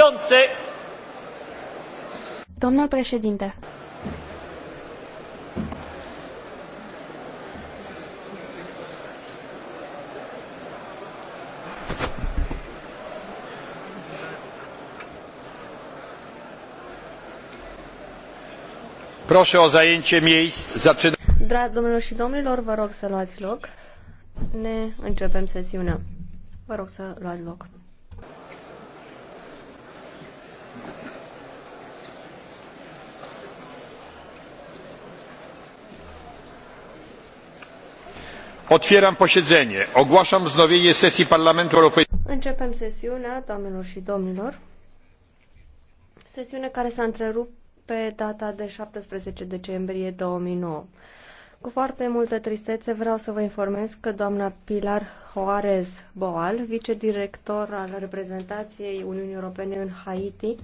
Przewodniczący! Domnul președinte. Proszę o zajęcie miejsc. Zaczynamy. Dragi domnilor și domnilor, vă rog să luați loc. Ne începem sesiunea. Vă rog să luați loc. Otwieram posiedzenie. Ogłaszam wznowienie sesji Parlamentu Europejskiego. Începem sesiunea, doamnelor și domnilor. Sesiune care s-a întrerupt pe data de 17 decembrie 2009. Cu foarte multă tristețe vreau să vă informez că doamna Pilar Joarez Boal, vicedirector al reprezentației Uniunii Europene în Haiti,